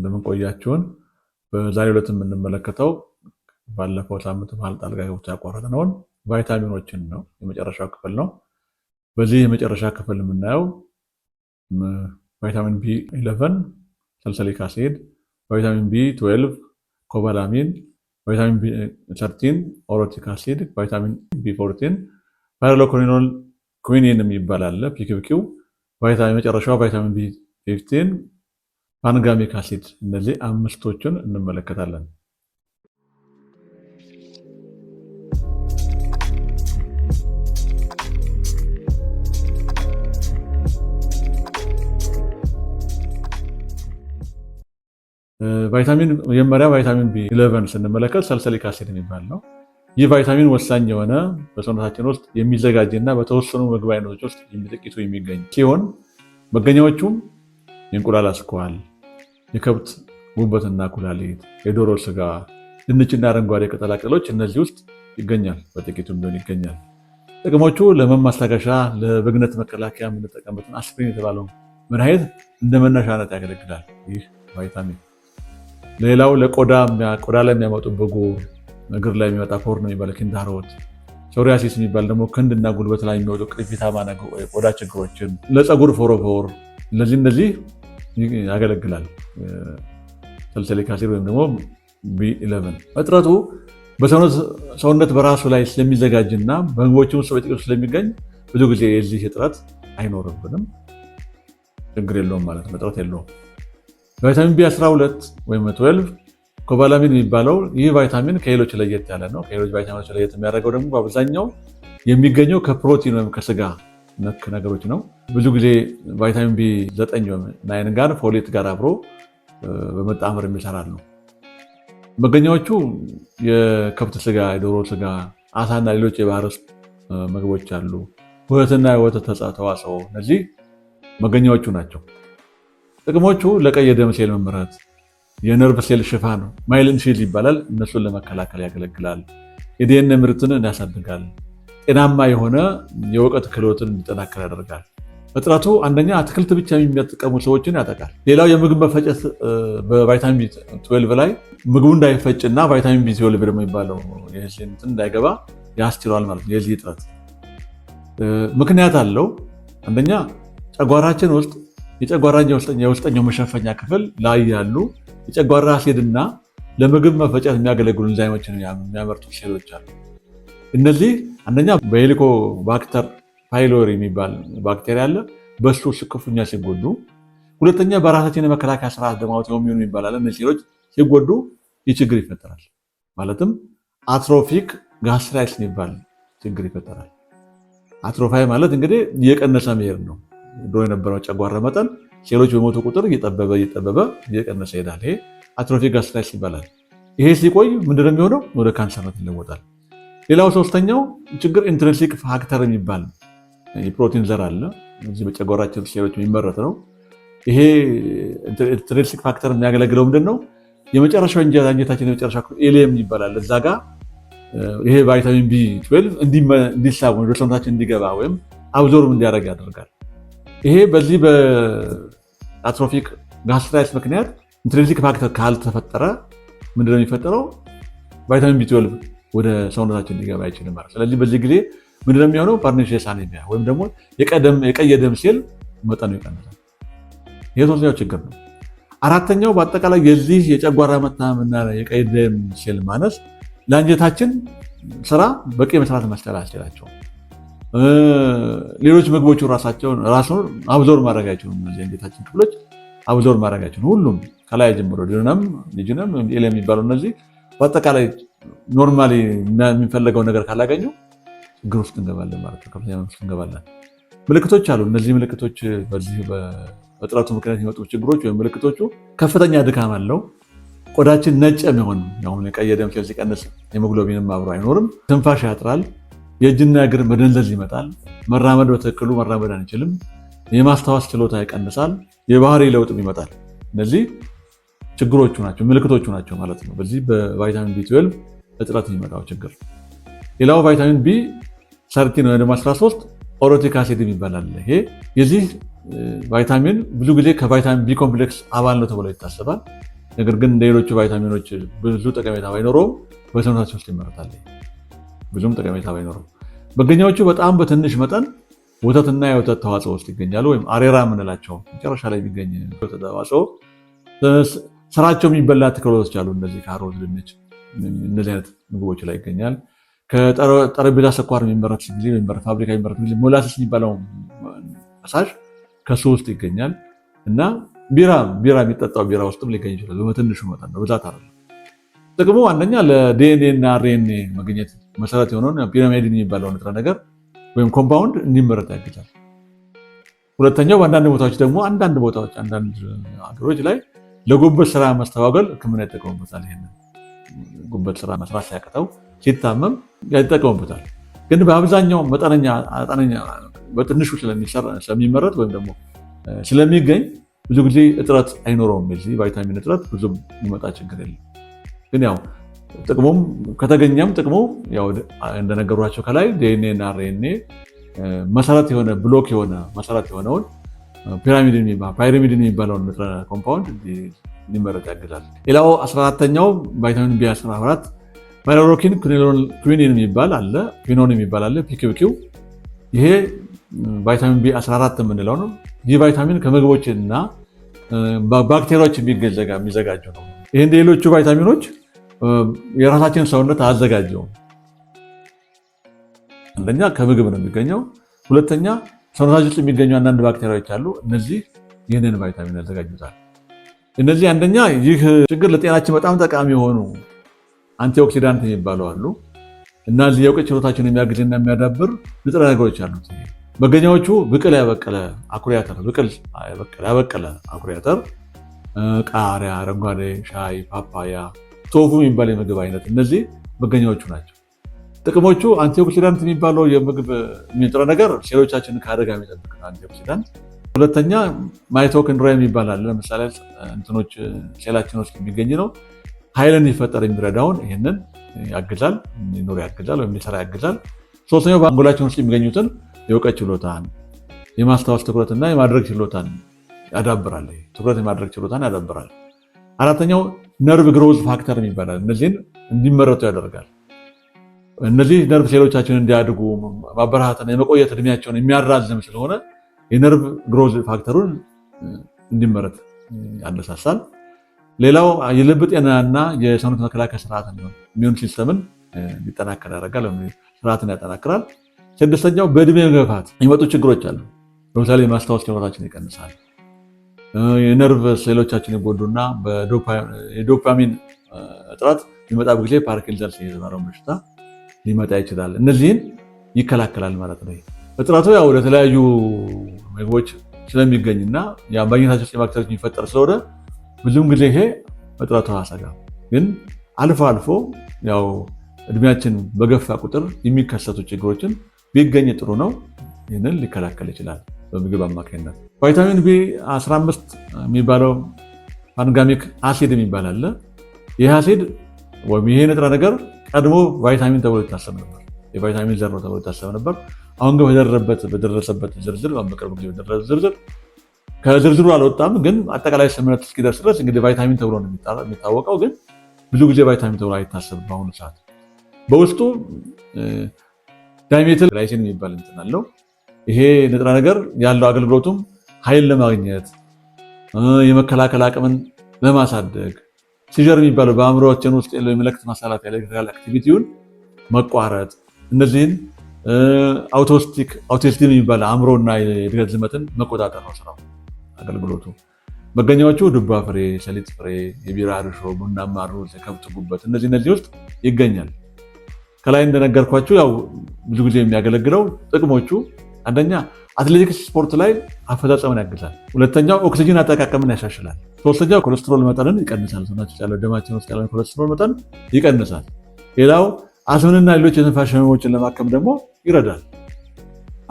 እንደምንቆያችሁን በዛሬ ዕለት የምንመለከተው ባለፈው ሳምንት መሀል ጣልቃ ገብቶ ያቋረጥነውን ቫይታሚኖችን ነው። የመጨረሻው ክፍል ነው። በዚህ የመጨረሻ ክፍል የምናየው ቫይታሚን ቢ ኢለቨን ሰልሰሊክ አሲድ፣ ቫይታሚን ቢ ትዌልቭ ኮባላሚን፣ ቫይታሚን ቢ ሰርቲን ኦሮቲክ አሲድ፣ ቫይታሚን ቢ ፎርቲን ፓይሮሎኮኒኖል ኩዊኒን የሚባል አለ ፒክብኪው፣ የመጨረሻው ቫይታሚን ቢ ፊፍቲን አንጋሚክ አሲድ እነዚህ አምስቶቹን እንመለከታለን። ቫይታሚን መጀመሪያ ቫይታሚን ቢ11 ስንመለከት ሰልሰሊክ አሲድ የሚባል ነው። ይህ ቫይታሚን ወሳኝ የሆነ በሰውነታችን ውስጥ የሚዘጋጅ እና በተወሰኑ ምግብ አይነቶች ውስጥ ጥቂቱ የሚገኝ ሲሆን መገኛዎቹም የእንቁላል አስኳል የከብት ጉበትና ኩላሊት፣ የዶሮ ስጋ፣ ድንችና አረንጓዴ ቅጠላቅጠሎች እነዚህ ውስጥ ይገኛል። በጥቂቱም ቢሆን ይገኛል። ጥቅሞቹ ለህመም ማስታገሻ፣ መከላከያ የምንጠቀምበትን አስፕሪን የተባለው መድኃኒት እንደ መነሻነት ያገለግላል። ይህ ቫይታሚን ሌላው ለቆዳ ቆዳ ላይ የሚያመጡ ብጉር፣ እግር ላይ የሚመጣ ፖርኖ የሚባለው ኪንታሮት፣ ሶሪያሲስ የሚባል ደግሞ ክንድና ጉልበት ላይ የሚወጡ ቅርፊታማ ቆዳ ችግሮችን፣ ለፀጉር ፎሮፎር እነዚህ እነዚህ ያገለግላል። ሰልሰሊክ አሲድ ወይም ደግሞ ቢ11 እጥረቱ ሰውነት በራሱ ላይ ስለሚዘጋጅና በምግቦች ውስጥ ስለሚገኝ ብዙ ጊዜ የዚህ እጥረት አይኖርብንም፣ ችግር የለውም ማለት ነው። እጥረት የለውም። ቫይታሚን ቢ12 ወይም 12 ኮባላሚን የሚባለው ይህ ቫይታሚን ከሌሎች ለየት ያለ ነው። ከሌሎች ቫይታሚኖች ለየት የሚያደርገው ደግሞ በአብዛኛው የሚገኘው ከፕሮቲን ወይም ከስጋ ነክ ነገሮች ነው። ብዙ ጊዜ ቫይታሚን ቢ ዘጠኝ ናይን ጋር ፎሌት ጋር አብሮ በመጣመር ነው። መገኛዎቹ የከብት ስጋ፣ የዶሮ ስጋ፣ አሳና ሌሎች የባህር ውስጥ ምግቦች አሉ። ወተትና የወተት ተዋጽኦ እነዚህ መገኛዎቹ ናቸው። ጥቅሞቹ ለቀይ የደም ሴል መምረት፣ የነርቭ ሴል ሽፋን ማይልን ሺል ይባላል። እነሱን ለመከላከል ያገለግላል። የዲኤንኤ ምርትን ያሳድጋል። ጤናማ የሆነ የእውቀት ክህሎትን እንዲጠናከር ያደርጋል። እጥረቱ አንደኛ አትክልት ብቻ የሚጠቀሙ ሰዎችን ያጠቃል። ሌላው የምግብ መፈጨት በቫይታሚን ቢ12 ላይ ምግቡ እንዳይፈጭና ቫይታሚን ቢ12 ደግሞ የሚባለው እንዳይገባ ያስችሏል ማለት ነው። የዚህ እጥረት ምክንያት አለው። አንደኛ ጨጓራችን ውስጥ የጨጓራ የውስጠኛው መሸፈኛ ክፍል ላይ ያሉ የጨጓራ አሲድና ለምግብ መፈጨት የሚያገለግሉ ኢንዛይሞችን የሚያመርቱ ሴሎች አሉ። እነዚህ አንደኛ በሄሊኮ ባክተር ፓይሎሪ የሚባል ባክቴሪያ አለ። በሱ ክፉኛ ሲጎዱ፣ ሁለተኛ በራሳችን የመከላከያ ስርዓት ደማወት የሚሆኑ ይባላል። እነዚህ ሴሎች ሲጎዱ ይህ ችግር ይፈጠራል። ማለትም አትሮፊክ ጋስትራይትስ የሚባል ችግር ይፈጠራል። አትሮፋይ ማለት እንግዲህ እየቀነሰ መሄድ ነው። ድሮ የነበረው ጨጓራ መጠን ሴሎች በሞቱ ቁጥር እየጠበበ እየጠበበ እየቀነሰ ይሄዳል። ይሄ አትሮፊክ ጋስትራይትስ ይባላል። ይሄ ሲቆይ ምንድነው የሚሆነው? ወደ ካንሰርነት ይለወጣል። ሌላው ሶስተኛው ችግር ኢንትረንሲክ ፋክተር የሚባል የፕሮቲን ዘር አለ። እዚህ በጨጓራችን ሴሎች የሚመረት ነው። ይሄ ኢንትረንሲክ ፋክተር የሚያገለግለው ምንድን ነው? የመጨረሻው እንጀራ እንጀታችን የመጨረሻ ኤሊየም ይባላል። እዛ ጋ ይሄ ቫይታሚን ቢ ትዌልቭ እንዲሳብ ወደ ሰውነታችን እንዲገባ ወይም አብዞርም እንዲያደርግ ያደርጋል። ይሄ በዚህ በአትሮፊክ ጋስትራይትስ ምክንያት ኢንትረንሲክ ፋክተር ካልተፈጠረ ምንድነው የሚፈጠረው? ቫይታሚን ቢ ትዌልቭ ወደ ሰውነታችን ሊገባ አይችልም ማለት። ስለዚህ በዚህ ጊዜ ምንድነው የሚሆነው? ፐርኒሺየስ አኒሚያ ወይም ደግሞ የቀይ ደም ሴል መጠኑ ይቀንሳል። ይህ ሶስተኛው ችግር ነው። አራተኛው በአጠቃላይ የዚህ የጨጓራ መታመምና የቀይ ደም ሴል ማነስ ለአንጀታችን ስራ በቂ መስራት መስጠት አስችላቸው ሌሎች ምግቦቹ ራሳቸውን ራሱን አብዞር ማድረግ አይችሉም። እነዚህ አንጀታችን ክፍሎች አብዞር ማድረግ አይችሉም። ሁሉም ከላይ ጀምሮ ሊሆነም ልጅንም የሚባሉ እነዚህ በአጠቃላይ ኖርማሊ የሚፈለገው ነገር ካላገኙ ችግር ውስጥ እንገባለን ማለት ነው። ከፍተኛ ውስጥ እንገባለን። ምልክቶች አሉ። እነዚህ ምልክቶች በዚህ በጥረቱ ምክንያት የመጡ ችግሮች ወይም ምልክቶቹ ከፍተኛ ድካም አለው። ቆዳችን ነጭ የሚሆን ሁን ቀይ ደም ሴል ሲቀንስ ሄሞግሎቢንም አብሮ አይኖርም። ትንፋሽ ያጥራል። የእጅና እግር መደንዘዝ ይመጣል። መራመድ በትክክሉ መራመድ አንችልም። የማስታወስ ችሎታ ይቀንሳል። የባህሪ ለውጥም ይመጣል። እነዚህ ችግሮቹ ናቸው፣ ምልክቶቹ ናቸው ማለት ነው። በዚህ በቫይታሚን ቢ12 እጥረት የሚመጣው ችግር። ሌላው ቫይታሚን ቢ ሰርቲን ወይ ደግሞ 13 ኦሮቲክ አሲድ ይባላል። ይሄ የዚህ ቫይታሚን ብዙ ጊዜ ከቫይታሚን ቢ ኮምፕሌክስ አባል ነው ተብሎ ይታሰባል። ነገር ግን እንደ ሌሎቹ ቫይታሚኖች ብዙ ጠቀሜታ ባይኖረውም በሰውነታችን ውስጥ ይመረታል። ብዙም ጠቀሜታ ባይኖረው መገኛዎቹ በጣም በትንሽ መጠን ወተትና የወተት ተዋጽኦ ውስጥ ይገኛሉ፣ ወይም አሬራ የምንላቸው መጨረሻ ላይ የሚገኝ ተዋጽኦ ስራቸው የሚበላ ትክሎች አሉ። እነዚህ ካሮት፣ ድንች፣ እነዚህ አይነት ምግቦች ላይ ይገኛል። ከጠረጴዛ ስኳር የሚመረት ጊዜ የሚመረት ፋብሪካ የሚመረት ጊዜ ሞላስስ የሚባለው ፈሳሽ ከሱ ውስጥ ይገኛል እና ቢራ ቢራ የሚጠጣው ቢራ ውስጥም ሊገኝ ይችላል። በመትንሹ መጠን ነው፣ ብዛት አለ። ጥቅሙ አንደኛ ለዲኤንኤ እና አርኤንኤ መገኘት መሰረት የሆነውን ፒራሚድን የሚባለው ንጥረ ነገር ወይም ኮምፓውንድ እንዲመረት ያግዛል። ሁለተኛው በአንዳንድ ቦታዎች ደግሞ አንዳንድ ቦታዎች አንዳንድ ሀገሮች ላይ ለጉበት ስራ መስተጓጎል ህክምና ይጠቀሙበታል። ይ ጉበት ስራ መስራት ሲያቅተው ሲታመም ይጠቀሙበታል። ግን በአብዛኛው መጠነኛ በትንሹ ስለሚመረት ወይም ደግሞ ስለሚገኝ ብዙ ጊዜ እጥረት አይኖረውም። የዚህ ቫይታሚን እጥረት ብዙ የሚመጣ ችግር የለም። ግን ያው ጥቅሙም ከተገኘም ጥቅሙ እንደነገሯቸው ከላይ ዲኤንኤ እና አርኤንኤ መሰረት የሆነ ብሎክ የሆነ መሰረት የሆነውን ፒራሚድ ፓይራሚድ የሚባለውን ንጥረ ኮምፓውንድ ሊመረጥ ያግዛል። ሌላው 14ተኛው ቫይታሚን ቢ14 ፓይሮሮኪን ኩኒን የሚባል አለ፣ ፊኖን የሚባል አለ፣ ፒኪኪው ይሄ ቫይታሚን ቢ14 የምንለው ነው። ይህ ቫይታሚን ከምግቦች እና ባክቴሪያዎች የሚዘጋጁ ነው። ይህ እንደ ሌሎቹ ቫይታሚኖች የራሳችን ሰውነት አዘጋጀው። አንደኛ ከምግብ ነው የሚገኘው፣ ሁለተኛ ሰውነታች ውስጥ የሚገኙ አንዳንድ ባክቴሪያዎች አሉ። እነዚህ ይህንን ቫይታሚን ያዘጋጁታል። እነዚህ አንደኛ ይህ ችግር ለጤናችን በጣም ጠቃሚ የሆኑ አንቲኦክሲዳንት የሚባሉ አሉ እና እዚህ የውቅ ችሎታችን የሚያግዝና የሚያዳብር ንጥረ ነገሮች አሉት። መገኛዎቹ ብቅል ያበቀለ አኩሪ አተር፣ ብቅል ያበቀለ አኩሪ አተር፣ ቃሪያ፣ አረንጓዴ ሻይ፣ ፓፓያ፣ ቶፉ የሚባል የምግብ አይነት እነዚህ መገኛዎቹ ናቸው። ጥቅሞቹ አንቲኦክሲዳንት የሚባለው የምግብ ንጥረ ነገር ሴሎቻችን ከአደጋ የሚጠብቅ አንቲኦክሲዳንት። ሁለተኛ ማይቶኮንድሪያ የሚባል አለ። ለምሳሌ እንትኖች ሴላችን ውስጥ የሚገኝ ነው። ኃይልን ይፈጠር የሚረዳውን ይህንን ያግዛል፣ ኖር ያግዛል፣ ወይም ሊሰራ ያግዛል። ሶስተኛው በአንጎላችን ውስጥ የሚገኙትን የእውቀት ችሎታን፣ የማስታወስ ትኩረትና የማድረግ ችሎታን ያዳብራል። ትኩረት የማድረግ ችሎታን ያዳብራል። አራተኛው ነርቭ ግሮዝ ፋክተር የሚባላል። እነዚህን እንዲመረቱ ያደርጋል። እነዚህ ነርቭ ሴሎቻችን እንዲያድጉ ማበረታትና የመቆየት እድሜያቸውን የሚያራዝም ስለሆነ የነርቭ ግሮዝ ፋክተሩን እንዲመረት ያነሳሳል። ሌላው የልብ ጤናና የሰውነት መከላከያ ስርዓት ነው። ኢሚዩን ሲስተምን እንዲጠናከር ያደርጋል፣ ስርዓትን ያጠናክራል። ስድስተኛው በእድሜ መግፋት የሚመጡ ችግሮች አሉ። ለምሳሌ የማስታወስ ችሎታችን ይቀንሳል። የነርቭ ሴሎቻችን ይጎዱና የዶፓሚን እጥረት የሚመጣ ጊዜ ፓርኪንሰን የሚባለው በሽታ ሊመጣ ይችላል። እነዚህን ይከላከላል ማለት ነው። እጥረቱ ያው ምግቦች ስለሚገኝና በአኝነታቸው ውስጥ የሚፈጠር ስለሆነ ብዙም ጊዜ ይሄ እጥረቱ አያሰጋም። ግን አልፎ አልፎ ያው እድሜያችን በገፋ ቁጥር የሚከሰቱ ችግሮችን ቢገኝ ጥሩ ነው። ይህንን ሊከላከል ይችላል በምግብ አማካኝነት። ቫይታሚን ቢ 15 የሚባለው ፓንጋሚክ አሲድ የሚባል አለ። ይህ አሲድ ወይም ይሄ ንጥረ ነገር ቀድሞ ቫይታሚን ተብሎ ይታሰብ ነበር፣ የቫይታሚን ዘር ነው ተብሎ ይታሰብ ነበር። አሁን ግን በደረበት በደረሰበት ዝርዝር በቅርብ ጊዜ በደረሰ ዝርዝር ከዝርዝሩ አልወጣም፣ ግን አጠቃላይ ስምምነት እስኪደርስ ድረስ እንግዲህ ቫይታሚን ተብሎ ነው የሚታወቀው። ግን ብዙ ጊዜ ቫይታሚን ተብሎ አይታሰብም። በአሁኑ ሰዓት በውስጡ ዳይሜትል ግላይሲን የሚባል እንትን አለው። ይሄ ንጥረ ነገር ያለው አገልግሎቱም ኃይል ለማግኘት የመከላከል አቅምን ለማሳደግ ሲጀር የሚባለው በአእምሮችን ውስጥ ያለው የመለክት ማሳላት ኤሌክትሪካል አክቲቪቲውን መቋረጥ፣ እነዚህን አውቶስቲክ አውቲስቲም የሚባለ አእምሮና የእድገት ዝመትን መቆጣጠር ነው ስራው አገልግሎቱ። መገኛዎቹ ዱባ ፍሬ፣ ሰሊጥ ፍሬ፣ የቢራ ርሾ፣ ቡናማ ሩዝ፣ የከብት ጉበት እነዚህ እነዚህ ውስጥ ይገኛል። ከላይ እንደነገርኳችሁ ያው ብዙ ጊዜ የሚያገለግለው ጥቅሞቹ አንደኛ አትሌቲክስ ስፖርት ላይ አፈጻጸምን ያግዛል። ሁለተኛው ኦክሲጅን አጠቃቀምን ያሻሽላል። ሶስተኛው ኮለስትሮል መጠንን ይቀንሳል። ያለ ደማችን ውስጥ ያለ ኮለስትሮል መጠን ይቀንሳል። ሌላው አስምንና ሌሎች የትንፋሽ ህመሞችን ለማከም ደግሞ ይረዳል።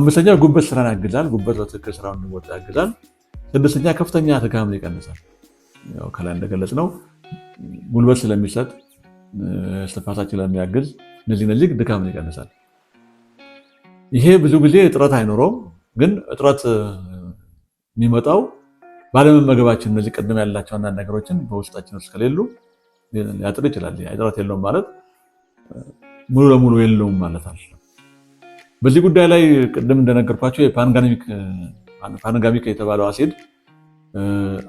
አምስተኛው ጉበት ስራን ያግዛል። ጉበት በትክክል ስራውን እንዲወጣ ያግዛል። ስድስተኛ ከፍተኛ ትካምን ይቀንሳል። ከላይ እንደገለጽ ነው ጉልበት ስለሚሰጥ እስትንፋሳችን ለሚያግዝ እነዚህ እነዚህ ድካምን ይቀንሳል። ይሄ ብዙ ጊዜ ጥረት አይኖረውም ግን እጥረት የሚመጣው ባለመመገባችን እነዚህ ቅድም ያላቸው አንዳንድ ነገሮችን በውስጣችን ውስጥ ከሌሉ ሊያጥር ይችላል። እጥረት የለውም ማለት ሙሉ ለሙሉ የለውም ማለት አለ። በዚህ ጉዳይ ላይ ቅድም እንደነገርኳቸው የፓንጋሚክ የተባለው አሲድ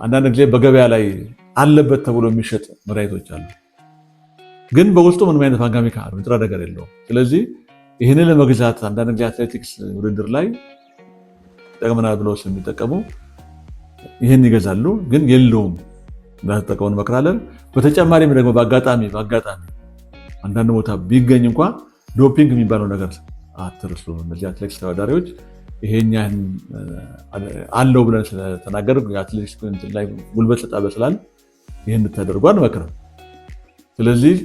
አንዳንድ ጊዜ በገበያ ላይ አለበት ተብሎ የሚሸጥ መድኃኒቶች አሉ። ግን በውስጡ ምንም አይነት ፓንጋሚክ ንጥረ ነገር የለውም። ስለዚህ ይህንን ለመግዛት አንዳንድ ጊዜ አትሌቲክስ ውድድር ላይ ይጠቅመናል ብለው ስለሚጠቀሙ ይህን ይገዛሉ። ግን የለውም እንዳትጠቀሙ እንመክራለን። በተጨማሪም ደግሞ በአጋጣሚ በአጋጣሚ አንዳንድ ቦታ ቢገኝ እንኳ ዶፒንግ የሚባለው ነገር አትርሱ። እነዚህ አትሌቲክስ ተወዳዳሪዎች ይሄኛን አለው ብለን ስለተናገር አትሌቲክስ ላይ ጉልበት ሰጣበ ስላል ይህን እንድታደርጉ አንመክርም። ስለዚህ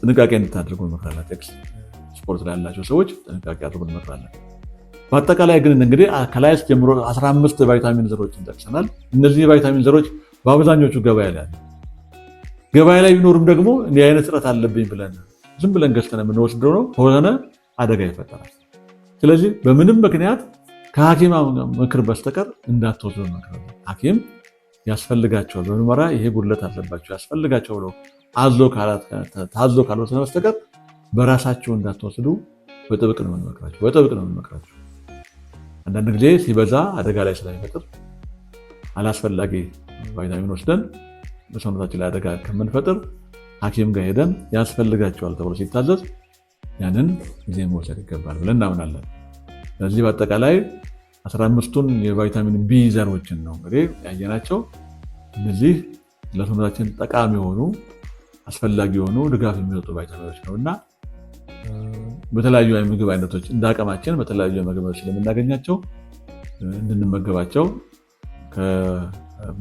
ጥንቃቄ እንድታደርጉ እንመክራለን። አትሌቲክስ ስፖርት ላይ ያላቸው ሰዎች ጥንቃቄ አድርጉ እንመክራለን። በአጠቃላይ ግን እንግዲህ ከላይ ጀምሮ 15 ቫይታሚን ዘሮችን ጠቅሰናል። እነዚህ ቫይታሚን ዘሮች በአብዛኞቹ ገበያ ላይ አሉ። ገበያ ላይ ቢኖርም ደግሞ እንዲህ አይነት እጥረት አለብኝ ብለን ዝም ብለን ገዝተን የምንወስደው ነው ከሆነ አደጋ ይፈጠራል። ስለዚህ በምንም ምክንያት ከሐኪም ምክር በስተቀር እንዳትወስዱ መክረ ሐኪም ያስፈልጋቸዋል በምርመራ ይሄ ጉድለት አለባቸው ያስፈልጋቸው ብለው ታዞ ካልወሰነ በስተቀር በራሳቸው እንዳትወስዱ በጥብቅ ነው የምንመክራቸው። አንዳንድ ጊዜ ሲበዛ አደጋ ላይ ስለሚፈጥር አላስፈላጊ ቫይታሚን ወስደን በሰውነታችን ላይ አደጋ ከምንፈጥር ሐኪም ጋር ሄደን ያስፈልጋቸዋል ተብሎ ሲታዘዝ ያንን ጊዜ መውሰድ ይገባል ብለን እናምናለን። ስለዚህ በአጠቃላይ አስራአምስቱን የቫይታሚን ቢ ዘሮችን ነው እንግዲህ ያየናቸው። እነዚህ ለሰውነታችን ጠቃሚ የሆኑ አስፈላጊ የሆኑ ድጋፍ የሚሰጡ ቫይታሚኖች ነው እና በተለያዩ የምግብ አይነቶች እንደ አቅማችን በተለያዩ ምግቦች ስለምናገኛቸው እንድንመገባቸው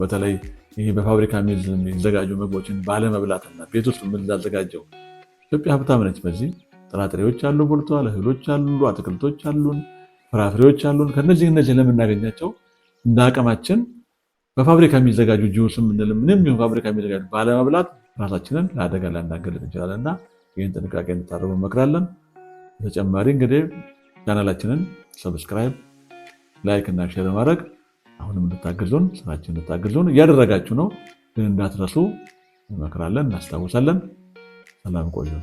በተለይ ይህ በፋብሪካ የሚዘጋጁ ምግቦችን ባለመብላትና ቤት ውስጥ የምናዘጋጀው ኢትዮጵያ ሀብታም ነች። በዚህ ጥራጥሬዎች አሉ፣ ቦልተዋል፣ እህሎች አሉ፣ አትክልቶች አሉን፣ ፍራፍሬዎች አሉን። ከነዚህ እነዚህ ለምናገኛቸው እንደ አቅማችን በፋብሪካ የሚዘጋጁ ጅውስ ምንም ይሁን ፋብሪካ የሚዘጋጁ ባለመብላት ራሳችንን ለአደጋ ላናገልጥ እንችላለን እና ይህን ጥንቃቄ እንድታደርጉ እንመክራለን። በተጨማሪ እንግዲህ ቻናላችንን ሰብስክራይብ፣ ላይክ እና ሼር ማድረግ አሁንም እንድታግዙን ስራችን እንድታግዙን እያደረጋችሁ ነው፣ ግን እንዳትረሱ እንመክራለን፣ እናስታውሳለን። ሰላም ቆዩን።